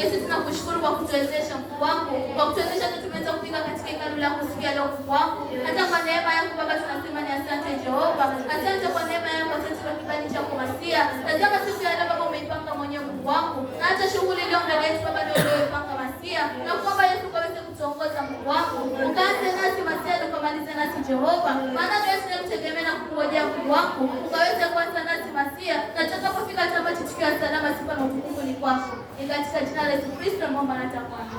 Yesu, tunakushukuru kwa kutuwezesha mkuu wako, kwa kutuwezesha tumeweza kufika katika hekalu la kusikia leo mkuu wako. Hata kwa neema yako Baba tunasema ni asante Jehova, asante kwa neema yako, asante kwa kibali cha kumasia Tazama siku ya leo Baba umeipanga mwenyewe mkuu wako, na hata shughuli leo ndio Baba ndio ulioipanga masia, na kuomba Yesu wewe kumtongoza Mungu wako, ukaanze nasi masiani ukamalize nasi Jehova, maana nasi namtegemea na kungojea Mungu wako, ukaweza kuanza nasi masia na tutakapofika tamati tukiwa salama, sifa na utukufu ni kwako, ni katika jina la Yesu Kristo naomba na takwako.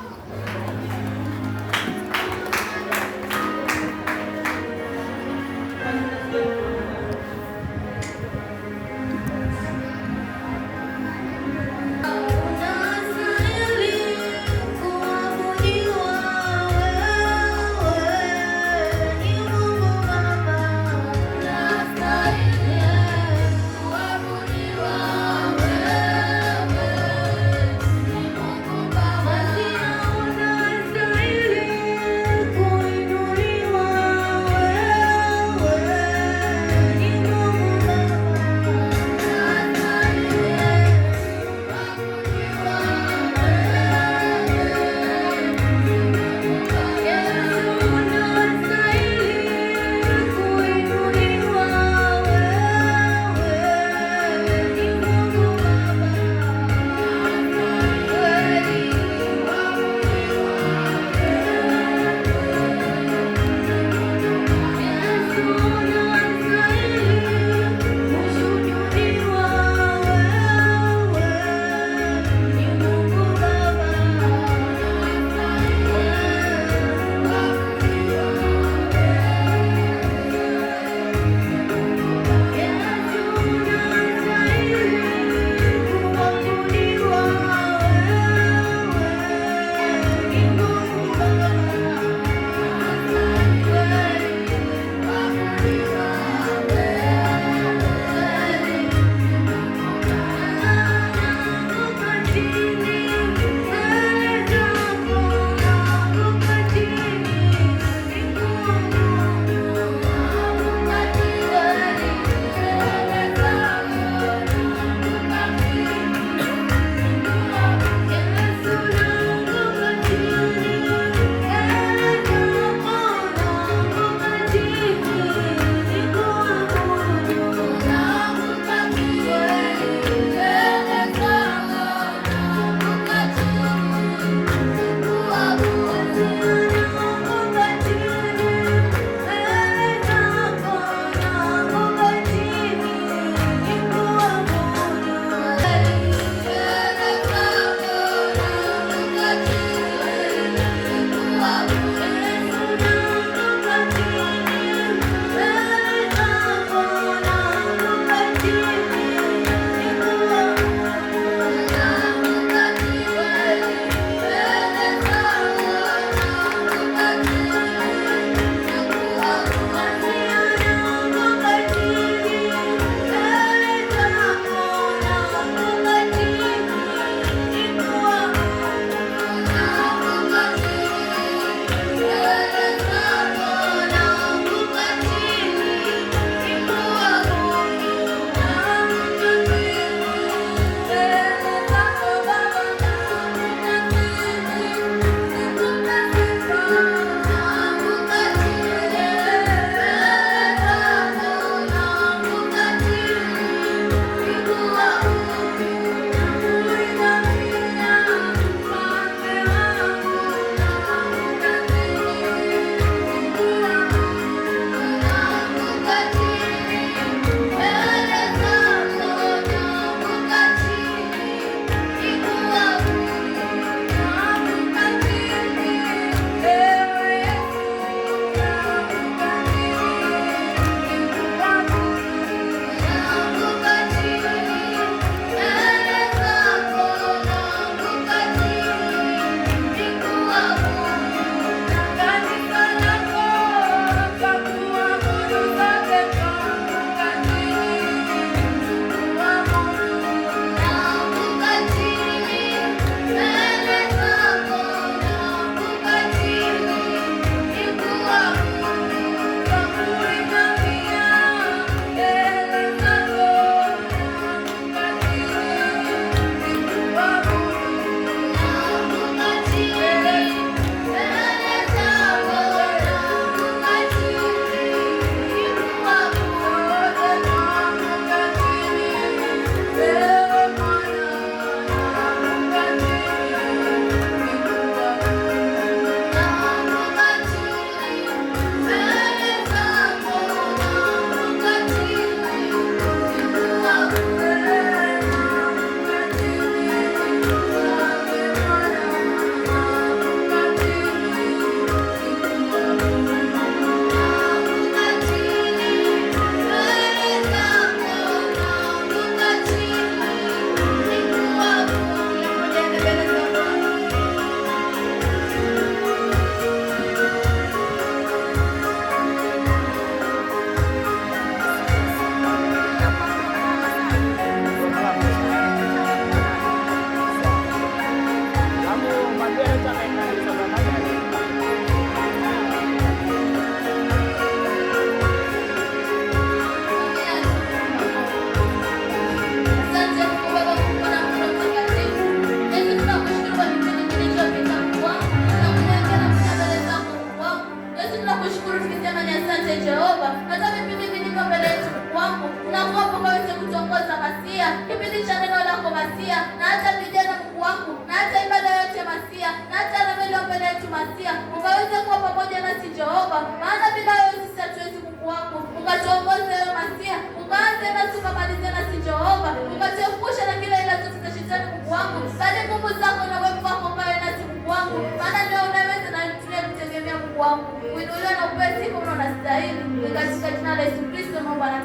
Jehova, maana bila wewe sisi hatuwezi kukuabu. Ukatuongoze wewe Masia, ukaanze nasi ukamalize nasi Jehova, ukatuepusha na kila ila zote za shetani Mungu bali nguvu zako na uwepo wako pawe nasi Mungu wangu, maana ndio unaweza na tunayekutegemea Mungu wangu, kuinuliwa na upewe sifa unaonastahili, ni katika jina la Yesu Kristo naomba na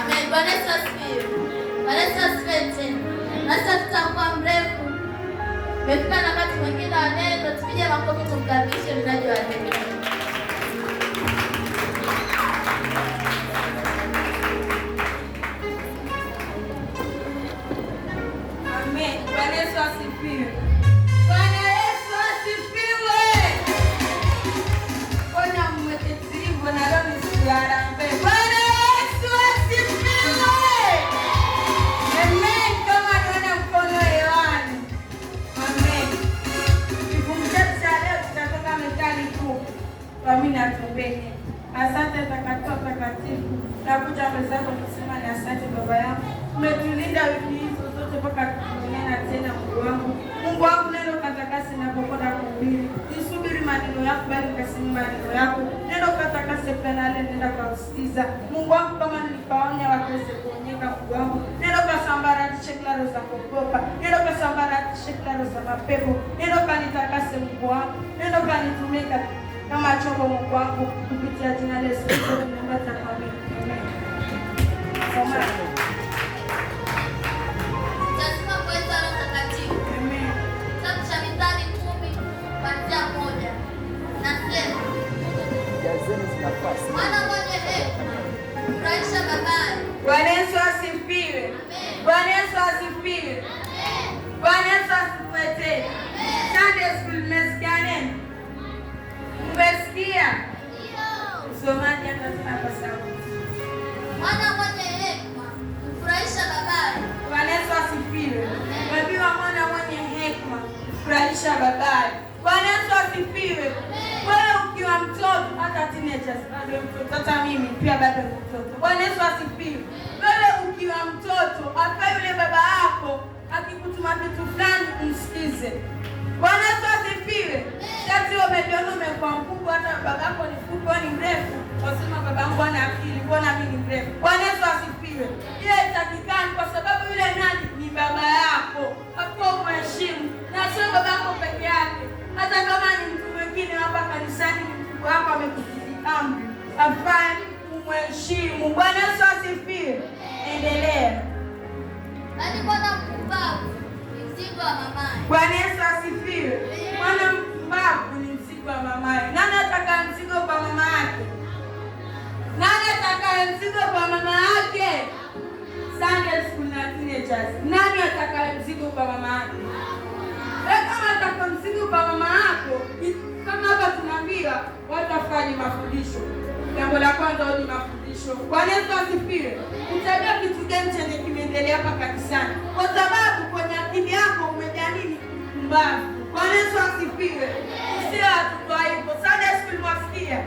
Amen. Bwana Yesu asifiwe. Bwana Yesu asifiwe tena. Nasa tutakuwa mrefu. Mefika na aku bikin permission aja aja. ya tumbeni. Asante Takatifu Takatifu, nakuja mbele zako kusema ni asante Baba yangu, umetulinda wiki hizo zote mpaka tumeonana tena. Mungu wangu, Mungu wangu, neno katakasi napokwenda kuhubiri, nisubiri maneno yako, bali ukasema maneno yako, neno katakasi penale nenda kausikiza Mungu wangu, kama nilipaonya wakiweze kuonyeka Mungu wangu, neno kasambaratishe kilaro za kuogopa, neno kasambaratishe kilaro za mapepo, neno kanitakase Mungu wangu, neno kanitumika kama chombo Mungu kupitia jina la Yesu. kingine cha mtoto, hata mimi pia bado ni mtoto. Bwana Yesu asifiwe. Wewe ukiwa mtoto, hata yule baba yako akikutuma kitu fulani umsikize. Bwana Yesu asifiwe. Sasa umeniona umekuwa mkubwa, hata baba yako ni mkubwa, ni mrefu, wasema baba yangu ana akili, mbona mimi ni mrefu? Bwana Yesu asifiwe. Ile itakikani kwa sababu yule nani ni baba yako, hakuwa umheshimu na sio baba yako afai kumheshimu. Bwana Yesu asifiwe. Endelea. Bwana Yesu asifiwe. Mwana mpumbavu ni mzigo wa mamaye. Nani ataka mzigo kwa mama yake? Nani ataka mzigo kwa mama yake? Sunday school na teenagers. Nani ataka mzigo kwa mama yake? Eh, kama ataka mzigo kwa mama yako, kama hapa tunaambiwa watafanya mafundisho jambo la kwanza ni mafundisho. Bwana Yesu asifiwe. Utajua kitu gani chenye kimeendelea hapa kanisani, kwa sababu kwenye akili yako umejaa nini mbavu. Bwana Yesu asifiwe. Sio watoto hivyo, Sunday school wasikia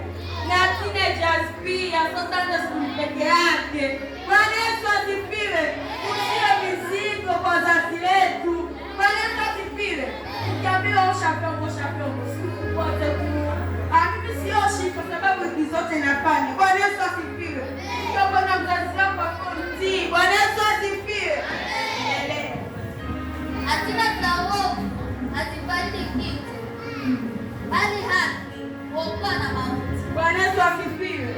na teenagers pia, so Sunday school yake. Bwana Yesu asifiwe. Usio mizigo kwa wazazi wetu. Bwana Yesu asifiwe. Ukiambiwa ushapyongo, ushapyongo siku wote sioshi kwa sababu hizi zote nafanya. Bwana Yesu asifiwe. Tokona mzazi wako akutii. Bwana Yesu asifiwe. Hasira za uovu hazipati kitu, bali haki huokoa na mauti. Bwana Yesu asifiwe.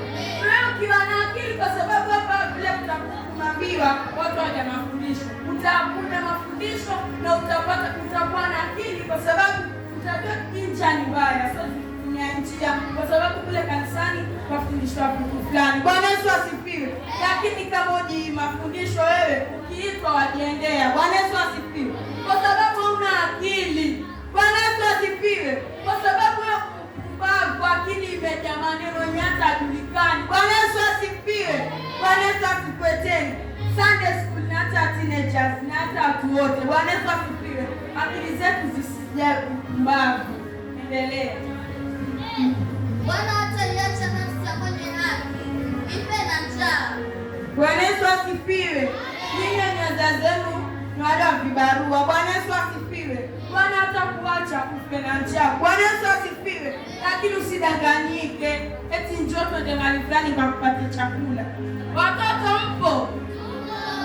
Wewe ukiwa na akili, kwa sababu hapa vile utakumambiwa watu waja mafundisho, utapata mafundisho na utapata, utakuwa na akili kwa sababu utajua kincha ni mbaya njia kwa sababu kule kanisani wafundishwa vitu fulani. Bwana Yesu asifiwe. Lakini kama uji mafundisho wewe ukiitwa wajiendea. Bwana Yesu asifiwe, kwa sababu una akili. Bwana Yesu asifiwe, kwa sababu kwa akili imeja maneno nyata ajulikani. Bwana Yesu asifiwe. Bwana Yesu atukweteni Sunday school na hata teenagers na hata watu wote. Bwana Yesu asifiwe, akili zetu zisijae mbavu vibarua. Bwana Yesu asifiwe. Bwana hatakuacha ufe na njaa. Bwana Yesu asifiwe. Lakini usidanganyike eti njoo twende mahali fulani kakupate chakula. Watoto mpo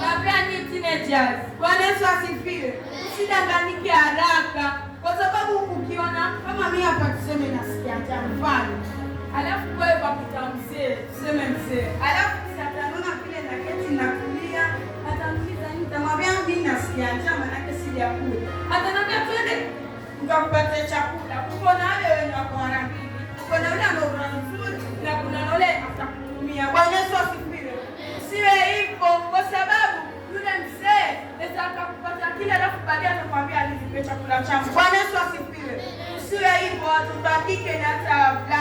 na pia ni teenagers. Bwana Yesu asifiwe. Usidanganyike haraka, kwa sababu ukiona kama mimi hapa, tuseme nasikia mfano, alafu kwa kuta tuseme mzee alafu si ya njaa, manake si ya kula. Atanambia twende tukakupatia chakula. Uko na wale wenye wako harambiki, uko na ule ambao una mzuri na kuna wale atakutumia. Bwana Yesu asifiwe. Siwe hivyo, kwa sababu yule mzee aweza akakupatia kile, alafu baadaye atakwambia alinipe chakula changu. Bwana Yesu asifiwe. Siwe hivyo, tubadilike na tabia.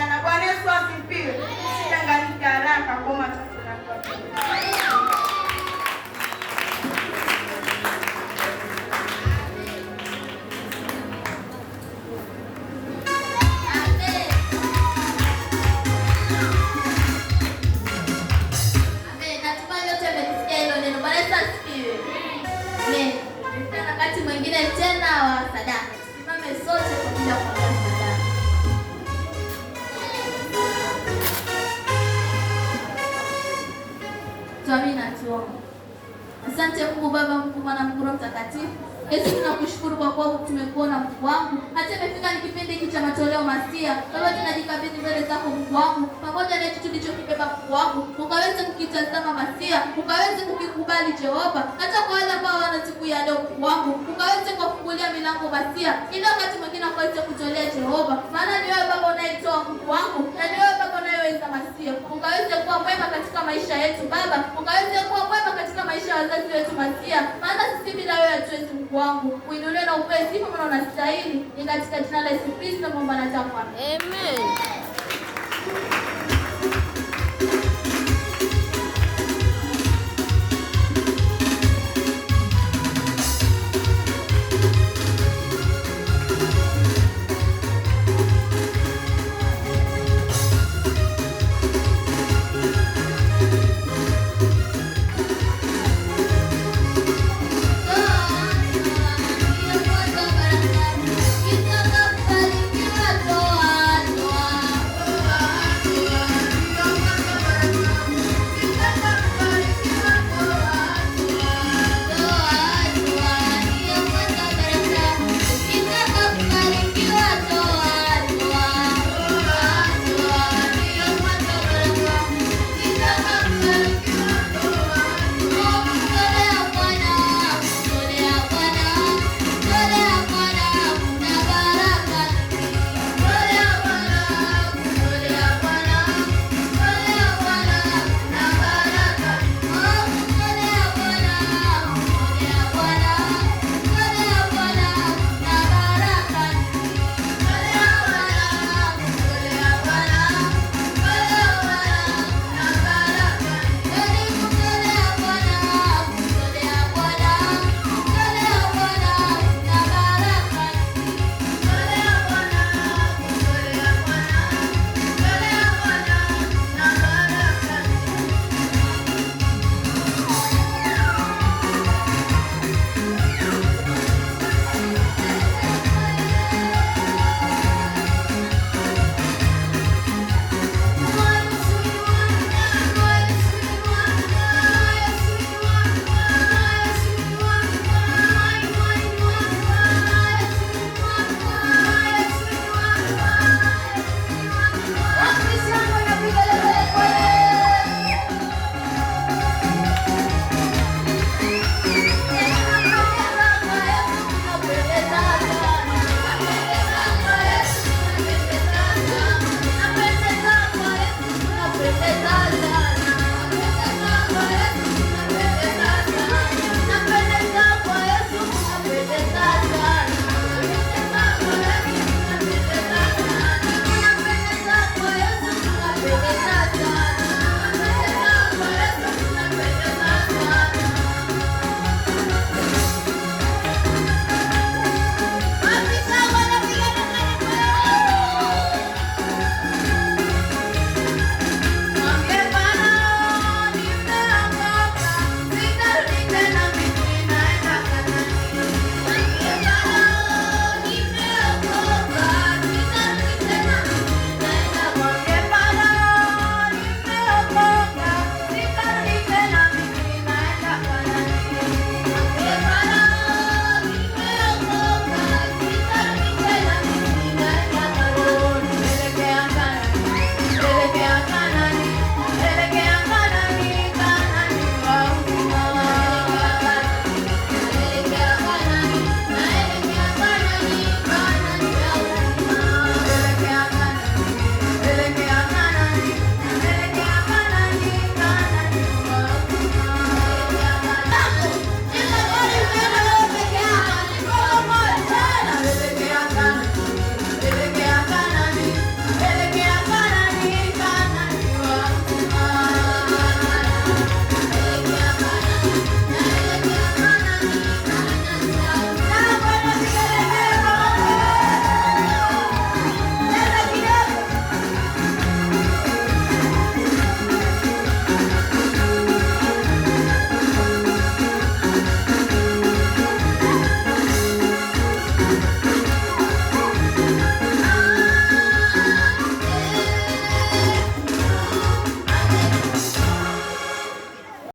mwingine tena wa sadaka. Tusimame sote kwa ajili ya kuombea sadaka. na tuombe. Asante Mungu Baba, Mungu Mwana, Mungu Roho Mtakatifu Yesu, tunakushukuru kwa kuwa tumekuona Mungu wangu, hata imefika ni kipindi hiki cha matoleo masia. Baba, tunajikabidhi mbele zako Mungu wangu, pamoja na hicho tulichokibeba Mungu wangu, ukaweze kukitazama masia, ukaweze kukikubali Jehova, hata kwa wale ambao wana siku ya leo Mungu wangu, ukaweze kuwafungulia milango masia, ili wakati mwingine wakaweze kutolea Jehova, maana ni wewe Baba unaitoa Mungu wangu, na ni wewe Baba unayeweza masia, ukaweze kuwa mwema katika maisha yetu Baba, ukaweze kuwa maisha ya wazazi wetu masia, maana sisi bila wewe hatuwezi. Mungu wangu, uinuliwe na upewe sifa, maana unastahili. Ni katika jina la Yesu Kristo naomba na takwa, amen.